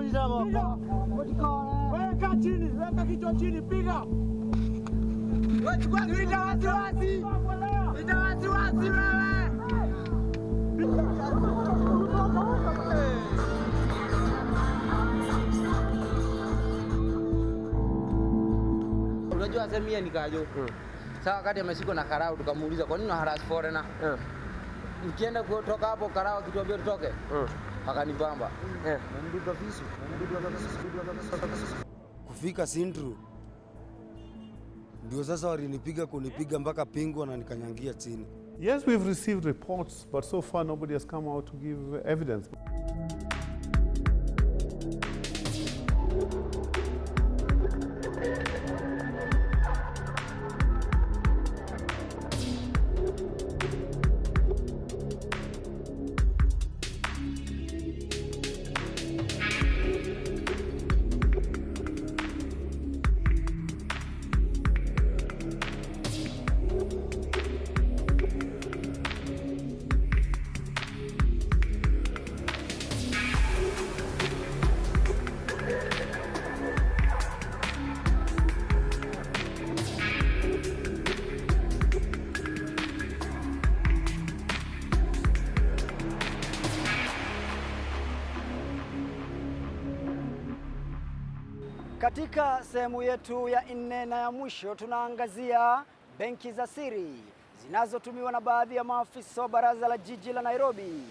Muuliza baba. Eh. Weka chini, weka kichwa chini, piga. Ita wasiwasi. Ita wasiwasi wewe. Unajua semia nikajo. Hmm. Sasa wakati ameshikwa na karau tukamuuliza kwa nini unaharass foreigner? Mkienda hmm. kutoka hapo karau akituambia tutoke. Hmm akanibamba eh. Kufika sindru ndio sasa walinipiga kunipiga mpaka pingwa na nikanyangia chini. Yes, we've received reports but so far nobody has come out to give evidence. Katika sehemu yetu ya nne na ya mwisho tunaangazia benki za siri zinazotumiwa na baadhi ya maafisa wa baraza la jiji la Nairobi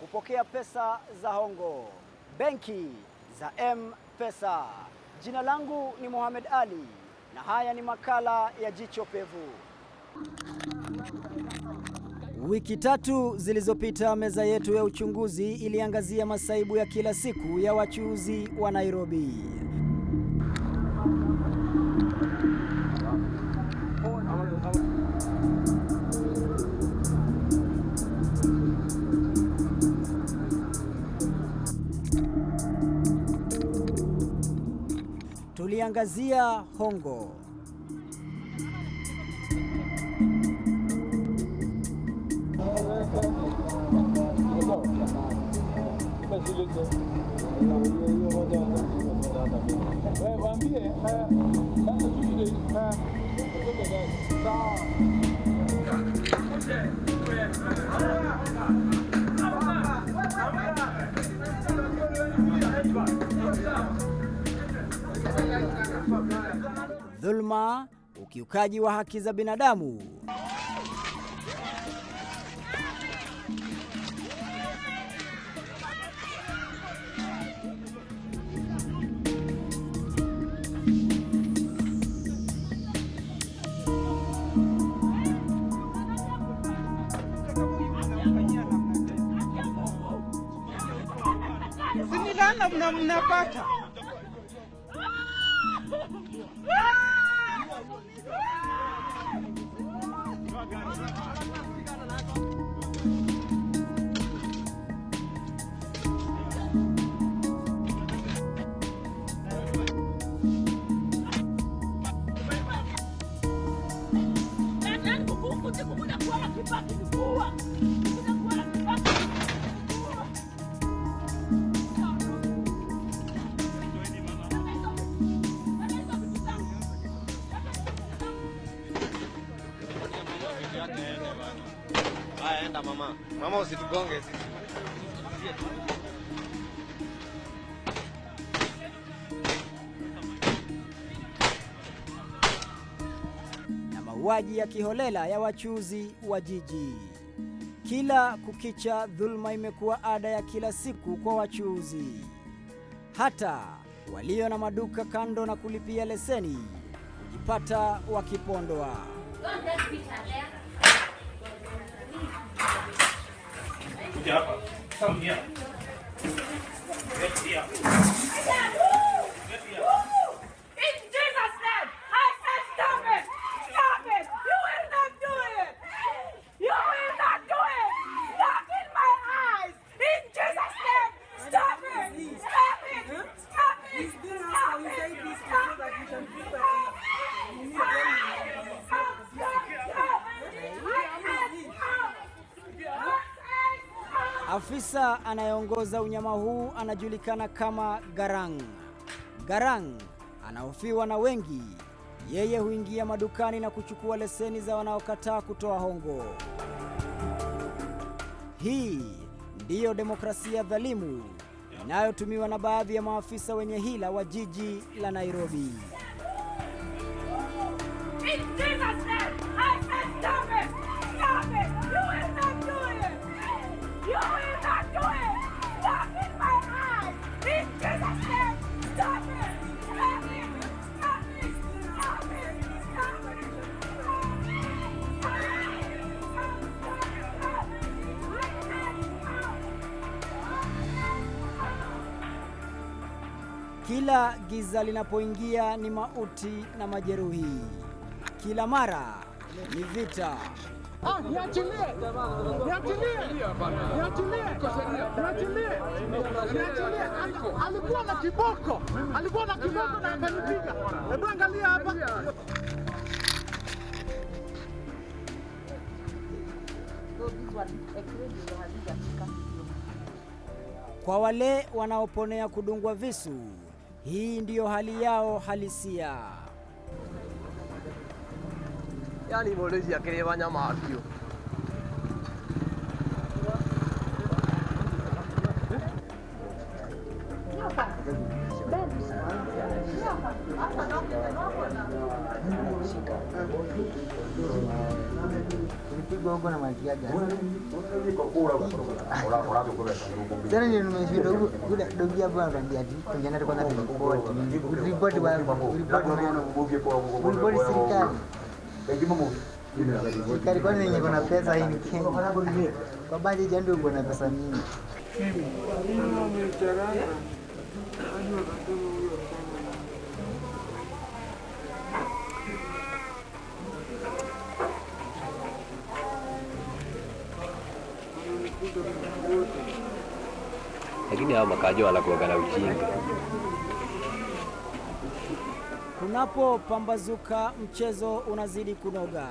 kupokea pesa za hongo, benki za M-Pesa. Jina langu ni Mohamed Ali na haya ni makala ya Jicho Pevu. Wiki tatu zilizopita meza yetu ya uchunguzi iliangazia masaibu ya kila siku ya wachuuzi wa Nairobi. Tuliangazia hongo dhulma, ukiukaji wa haki za binadamu mnapata sisi. Na mauaji ya kiholela ya wachuuzi wa jiji. Kila kukicha, dhulma imekuwa ada ya kila siku kwa wachuuzi, hata walio na maduka kando na kulipia leseni kujipata wakipondwa 上边。Afisa anayeongoza unyama huu anajulikana kama Garang. Garang anahofiwa na wengi. Yeye huingia madukani na kuchukua leseni za wanaokataa kutoa hongo. Hii ndiyo demokrasia dhalimu inayotumiwa na baadhi ya maafisa wenye hila wa jiji la Nairobi. Kila giza linapoingia ni mauti na majeruhi, kila mara ni vita. Ah, alikuwa na kiboko, alikuwa na kiboko na akanipiga. Hebu angalia hapa. Kwa wale wanaoponea kudungwa visu hii ndio hali yao halisia. Yaani, mulizi akilewa nyama akio gogo na matiaga sana ndio nimeshinda huko kuda dogi hapo anambia ati tungeenda kwanza report report wa report na report serikali serikali kwani yenye kuna pesa hii ni Kenya kwa baadhi ya ndio kuna pesa mingi mimi mimi mimi mimi mimi lakini hao makaja wanakuwaga na ujinga. pambazuka mchezo unazidi kunoga.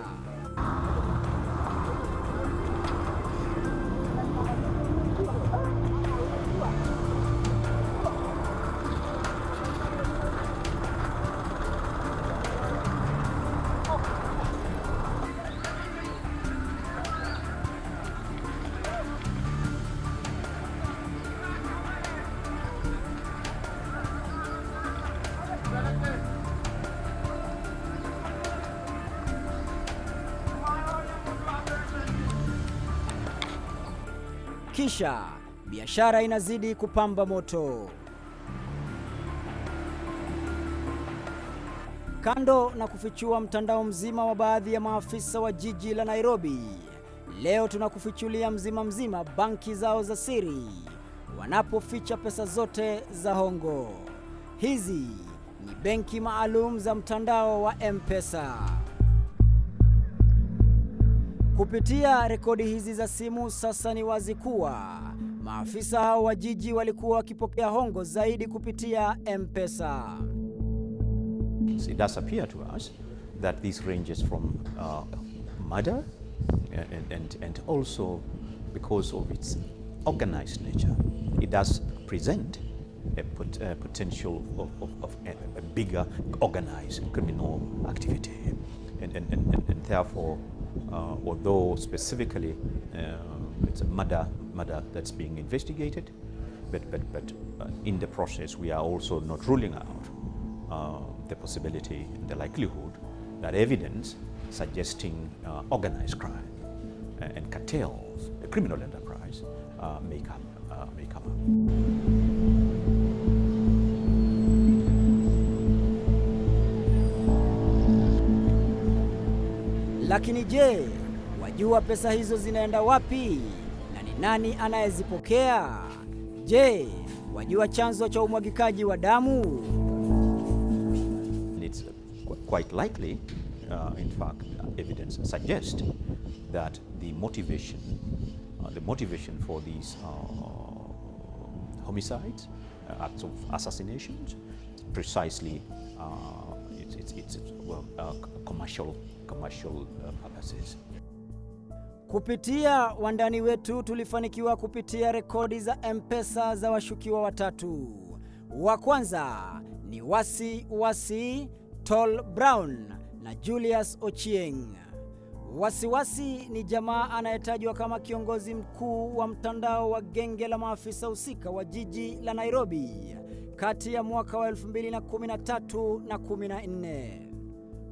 Kisha biashara inazidi kupamba moto. Kando na kufichua mtandao mzima wa baadhi ya maafisa wa jiji la Nairobi, leo tunakufichulia mzima mzima banki zao za siri wanapoficha pesa zote za hongo. Hizi ni benki maalum za mtandao wa M-Pesa. Kupitia rekodi hizi za simu, sasa ni wazi kuwa maafisa hao wa jiji walikuwa wakipokea hongo zaidi kupitia M-Pesa. It does appear to us that these ranges from uh, murder and, and, and also because of its organized nature. It does present a pot, a potential of, of, of a, a bigger organized criminal activity and, and, and, and therefore Uh, although specifically uh, it's a murder, murder that's being investigated, but, but, but uh, in the process we are also not ruling out the possibility, the likelihood that evidence suggesting organized crime and cartels, a criminal enterprise, may come, may come up. Lakini je, wajua pesa hizo zinaenda wapi na ni nani anayezipokea? Je, wajua chanzo cha umwagikaji wa damu? It's quite likely, uh, in fact, evidence suggests that the motivation, uh, the motivation for these uh, homicides, uh, acts of assassinations precisely uh, it's, it's, it's, well, uh, commercial, commercial uh, purposes. Kupitia wandani wetu tulifanikiwa kupitia rekodi za M-Pesa za washukiwa watatu. Wa kwanza ni Wasi Wasi Tol Brown na Julius Ochieng. Wasiwasi Wasi ni jamaa anayetajwa kama kiongozi mkuu wa mtandao wa genge la maafisa husika wa jiji la Nairobi kati ya mwaka wa 2013 na 14.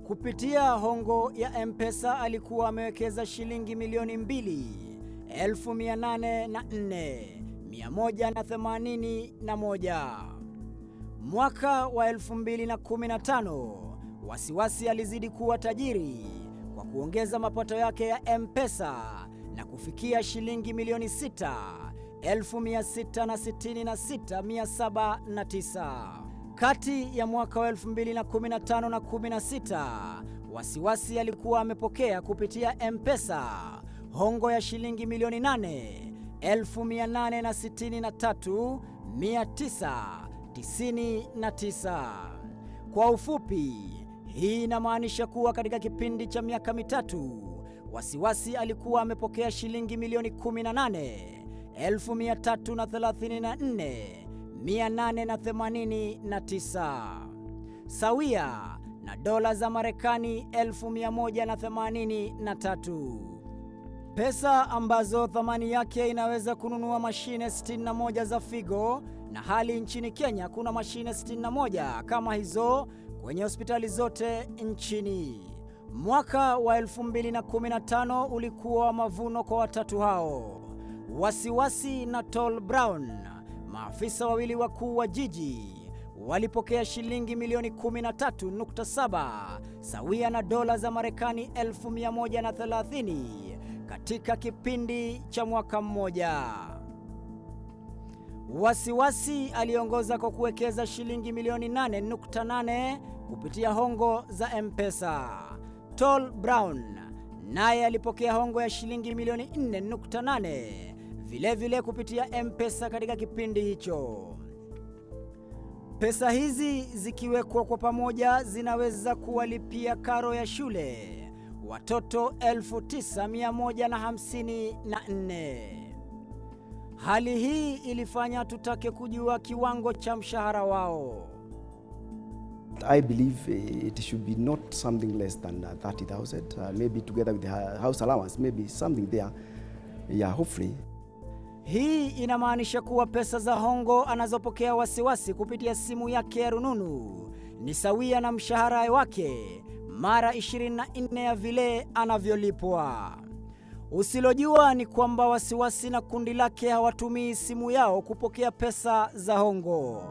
Kupitia hongo ya M-Pesa alikuwa amewekeza shilingi milioni 2,804,181. Mwaka wa 2015 Wasiwasi alizidi kuwa tajiri kwa kuongeza mapato yake ya M-Pesa na kufikia shilingi milioni sita 1666,709. Kati ya mwaka wa 2015 na 16, Wasiwasi alikuwa amepokea kupitia mpesa hongo ya shilingi milioni 8 863,999. Kwa ufupi, hii inamaanisha kuwa katika kipindi cha miaka mitatu Wasiwasi alikuwa amepokea shilingi milioni 18 1334889 sawia na dola za Marekani 1183, pesa ambazo thamani yake inaweza kununua mashine 61 za figo, na hali nchini Kenya kuna mashine 61 kama hizo kwenye hospitali zote nchini. Mwaka wa 2015 ulikuwa mavuno kwa watatu hao wasiwasi na Tol Brown, maafisa wawili wakuu wa jiji walipokea shilingi milioni 13.7 sawia na dola za Marekani 1130 katika kipindi cha mwaka mmoja. Wasiwasi aliongoza kwa kuwekeza shilingi milioni 8.8 kupitia hongo za M-Pesa. Tol Brown naye alipokea hongo ya shilingi milioni 4.8 vilevile vile kupitia M-Pesa katika kipindi hicho. Pesa hizi zikiwekwa kwa pamoja zinaweza kuwalipia karo ya shule watoto 9154. Hali hii ilifanya tutake kujua kiwango cha mshahara wao. I believe eh, it should be not something less than 30,000, uh, uh, maybe together with the house allowance, maybe something there. Yeah, hopefully. Hii inamaanisha kuwa pesa za hongo anazopokea Wasiwasi kupitia simu yake ya rununu ni sawia na mshahara wake mara 24 ya vile anavyolipwa. Usilojua ni kwamba Wasiwasi na kundi lake hawatumii simu yao kupokea pesa za hongo.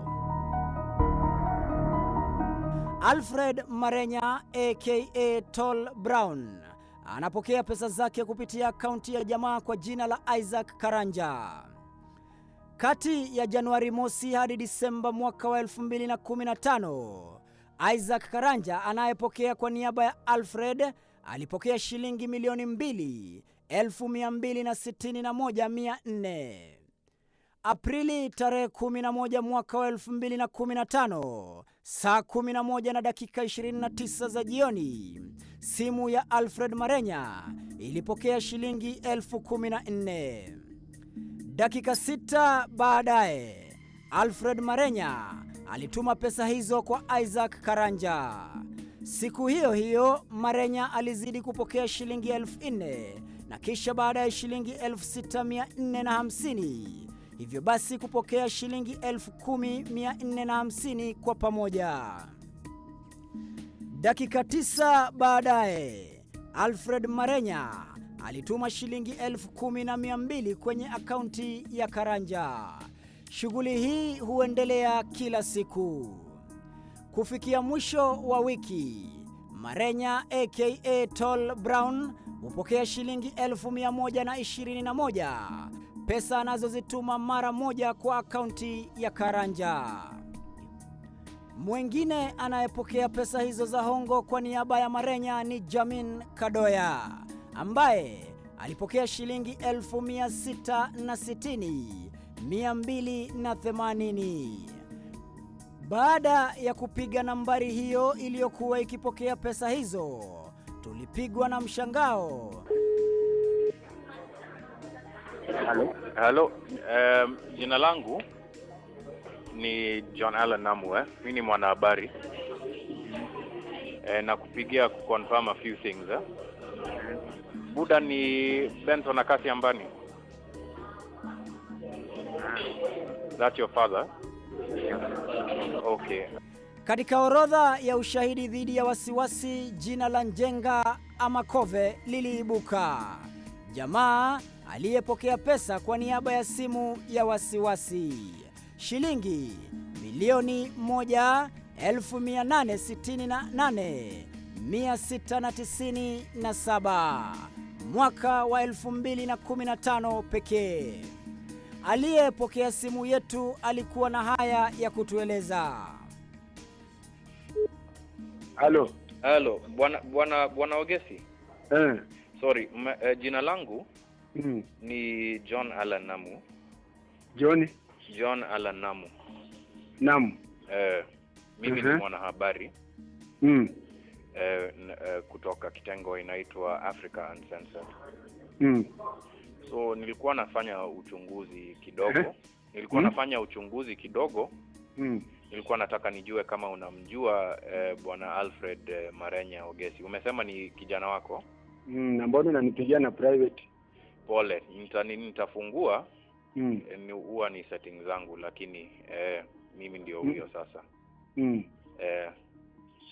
Alfred Marenya aka Tol Brown anapokea pesa zake kupitia akaunti ya jamaa kwa jina la Isaac Karanja. Kati ya Januari mosi hadi Disemba mwaka wa 2015, Isaac Karanja anayepokea kwa niaba ya Alfred alipokea shilingi milioni 2,261,400. Aprili tarehe 11 mwaka wa 2015 saa 11 na dakika 29 za jioni, simu ya Alfred Marenya ilipokea shilingi elfu 14. Dakika sita baadaye Alfred Marenya alituma pesa hizo kwa Isaac Karanja. Siku hiyo hiyo Marenya alizidi kupokea shilingi elfu 4 na kisha baadaye shilingi elfu hivyo basi kupokea shilingi 10,450 kwa pamoja. Dakika tisa baadaye Alfred Marenya alituma shilingi 10,200 kwenye akaunti ya Karanja. Shughuli hii huendelea kila siku. Kufikia mwisho wa wiki, Marenya aka Tol Brown hupokea shilingi 1121 pesa anazozituma mara moja kwa akaunti ya Karanja. Mwingine anayepokea pesa hizo za hongo kwa niaba ya Marenya ni Jamin Kadoya ambaye alipokea shilingi 660280 baada ya kupiga nambari hiyo iliyokuwa ikipokea pesa hizo tulipigwa na mshangao Hello. Um, jina langu ni John Allen Namu Mimi ni mwanahabari eh, na kupigia confirm a few things eh. Buda ni Benson Akasi Ambani. That's your father. Okay. Katika orodha ya ushahidi dhidi ya wasiwasi, jina la Njenga ama kove liliibuka. Jamaa aliyepokea pesa kwa niaba ya simu ya wasiwasi shilingi milioni 1,868,697 mwaka wa 2015 pekee. Aliyepokea simu yetu alikuwa na haya ya kutueleza. Halo, halo bwana, bwana, bwana Ogesi eh sorry ma, uh, eh, jina langu mm. ni John Alan Namu. John John Alan Namu. Namu. Uh, mimi uh -huh. ni uh-huh. mwanahabari mm. uh, uh, kutoka kitengo inaitwa Africa Uncensored. Mm. So nilikuwa nafanya uchunguzi kidogo uh -huh. nilikuwa mm. nafanya uchunguzi kidogo mm. nilikuwa nataka nijue kama unamjua eh, bwana Alfred eh, Marenya Ogesi. Umesema ni kijana wako? mm, mbona unanipigia na private. Pole, nitani nitafungua mm. Eh, huwa ni setting zangu, lakini e, mimi ndio mm. huyo mm. sasa mm. E,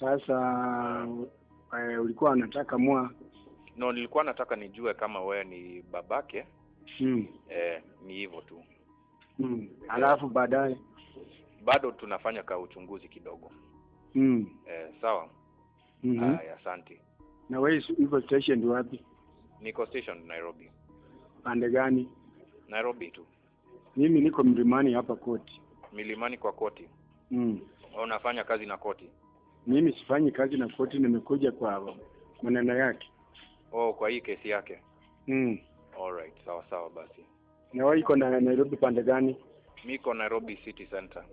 sasa e, ulikuwa unataka mwa no, nilikuwa nataka nijue kama wewe ni babake mm. e, ni hivyo tu mm. alafu baadaye bado tunafanya ka uchunguzi kidogo mm. e, sawa mm -hmm. Asante. Na wewe uko station wapi? Niko station Nairobi. Pande gani? Nairobi tu. Mimi niko mlimani hapa koti. Milimani kwa koti? Mm. Unafanya kazi na koti? Mimi sifanyi kazi na koti, nimekuja kwa maneno yake. Oh, kwa hii kesi yake. Mm. right, sawa sawa basi. Na wewe iko na Nairobi pande gani? Miko Nairobi City Center.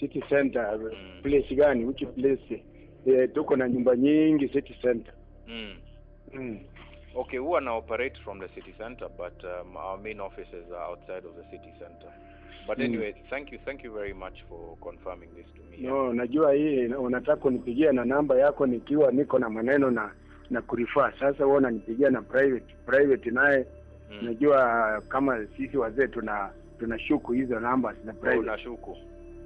City Center, mm. Place gani? Which place? Eh, tuko na nyumba nyingi City Center. Mm. Mm. Okay, we are now operate from the city center, but um, our main offices are outside of the city center. But mm. anyway, mm. thank you, thank you very much for confirming this to me. No, najua hii unataka kunipigia na namba yako nikiwa niko na maneno na na kurifaa. Sasa wewe unanipigia na private private, naye mm. najua kama sisi wazee tuna tunashuku hizo namba na private. Unashuku.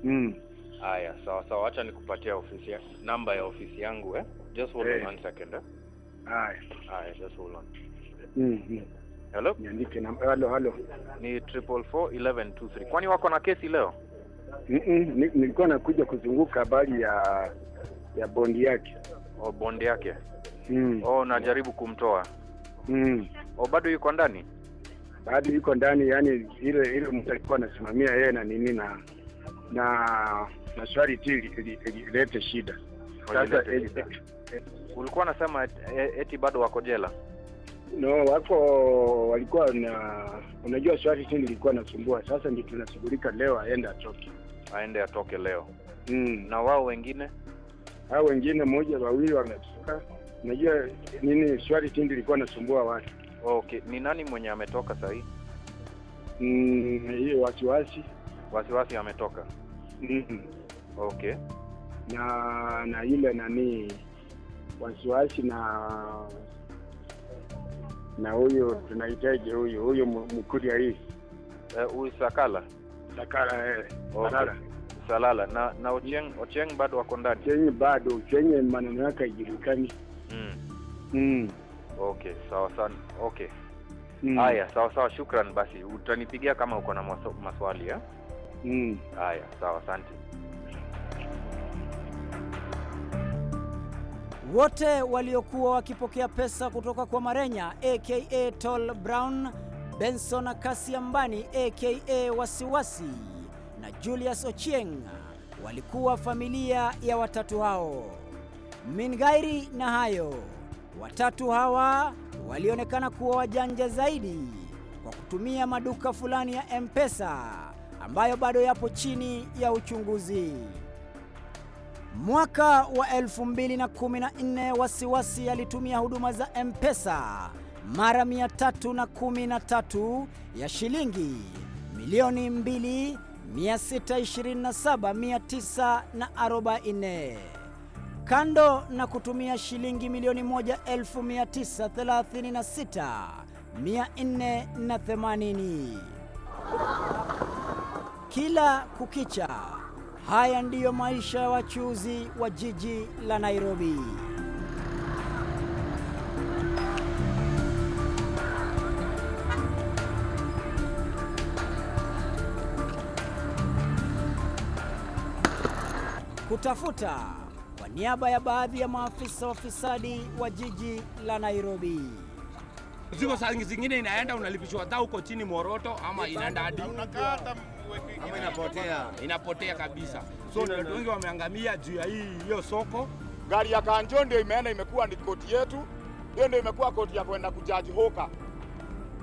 Mm. Haya, sawa sawa, acha nikupatia ofisi ya namba ya ofisi yangu eh. Just hold hey. on eh. one second eh. Haya just hold on. mm -hmm. Hello, niandike na ni triple four eleven two three. Kwani wako na kesi leo? mm -mm, nilikuwa nakuja kuzunguka habari ya ya bondi yake. Oh, bondi yake mm. Oh, najaribu kumtoa mm. Oh, bado yuko ndani, bado yuko ndani, yani ile ile mtu alikuwa anasimamia yeye na nini na na na swali ti ilete shida sasa eh, eh, Ulikuwa unasema e, eti bado wako jela? No, wako walikuwa na, unajua swali hili nilikuwa nasumbua. Sasa ndi tunashughulika leo, aende atoke, aende atoke leo. Mm. Na wao wengine hao wengine moja wawili wametoka. Unajua nini swali tindi likuwa nasumbua watu. Okay, ni nani mwenye ametoka sahii Mm, hiyo wasiwasi wasiwasi ametoka. Mm. Okay. Na na ile nanii wasiwasi na na huyo tunahitaji huyo huyo mkuria hii huyu uh, Sakala Sakala eh, okay. Salala. Salala na na ocheng, ocheng bado wako ndani. Ochieng bado chenye maneno yake haijulikani. Mm. Mm. Okay, sawa sana. Okay. Mm. Haya, sawa sawa, shukran. Basi utanipigia kama uko na maswali eh? Mm. Haya, sawa, asante. Wote waliokuwa wakipokea pesa kutoka kwa Marenya aka Tol Brown, Benson Kasiambani aka Wasiwasi na Julius Ochieng walikuwa familia ya watatu hao. Mingairi na hayo, watatu hawa walionekana kuwa wajanja zaidi kwa kutumia maduka fulani ya M-Pesa ambayo bado yapo chini ya uchunguzi. Mwaka wa 2014 Wasiwasi alitumia huduma za M-Pesa mara 313 ya shilingi milioni 2,627,944 kando na kutumia shilingi milioni 1,936,480 kila kukicha. Haya ndiyo maisha ya wachuuzi wa jiji la Nairobi. Kutafuta kwa niaba ya baadhi ya maafisa wafisadi wa jiji la Nairobi. Ziko saa zingine inaenda unalipishwa dhau huko chini Moroto ama inaenda hadi ama inapotea, inapotea kabisa. So wengi wameangamia juu ya hii hiyo soko. Gari ya Kanjo ndio imeenda imekuwa ni koti yetu, hiyo ndio imekuwa koti ya kwenda kujaji Hoka,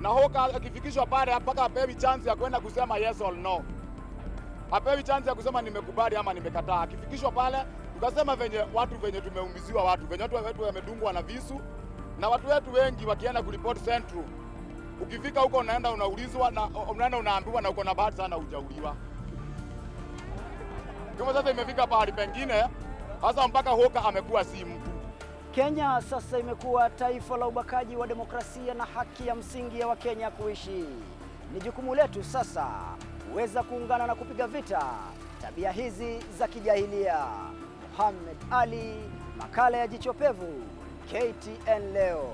na Hoka akifikishwa pale mpaka apewi chance ya kwenda kusema yes or no, apewi chance ya kusema nimekubali ama nimekataa. Akifikishwa pale tukasema venye watu venye tumeumiziwa, watu venye watu wetu wamedungwa na visu, na watu wetu wengi wakienda kuripoti Central Ukifika huko unaenda unaulizwa na unaenda unaambiwa na uko na bahati sana hujauliwa. Kama sasa imefika pahali pengine hasa mpaka hoka amekuwa si mtu. Kenya sasa imekuwa taifa la ubakaji wa demokrasia na haki ya msingi ya Wakenya kuishi. Ni jukumu letu sasa kuweza kuungana na kupiga vita tabia hizi za kijahilia. Muhammad Ali, makala ya Jicho Pevu, KTN leo.